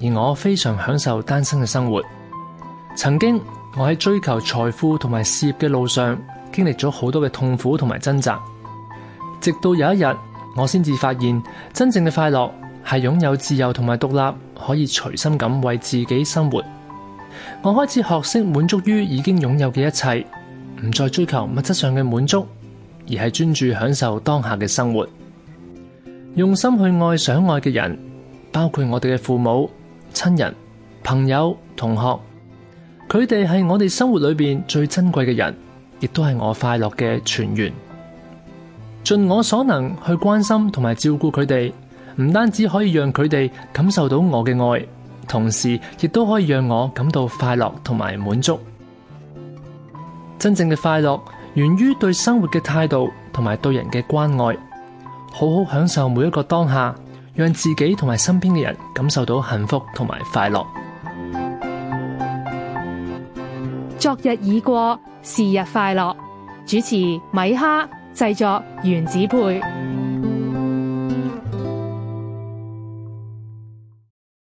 而我非常享受單身嘅生活。曾經我喺追求財富同埋事業嘅路上，經歷咗好多嘅痛苦同埋掙扎。直到有一日，我先至發現真正嘅快樂係擁有自由同埋獨立，可以隨心咁為自己生活。我開始學識滿足於已經擁有嘅一切，唔再追求物質上嘅滿足，而係專注享受當下嘅生活，用心去愛想愛嘅人，包括我哋嘅父母。親人、朋友、同學，佢哋係我哋生活裏邊最珍貴嘅人，亦都係我快樂嘅泉源。盡我所能去關心同埋照顧佢哋，唔單止可以讓佢哋感受到我嘅愛，同時亦都可以讓我感到快樂同埋滿足。真正嘅快樂源於對生活嘅態度同埋對人嘅關愛，好好享受每一個當下。讓自己同埋身邊嘅人感受到幸福同埋快樂。昨日已過，是日快樂。主持米哈，製作原子配。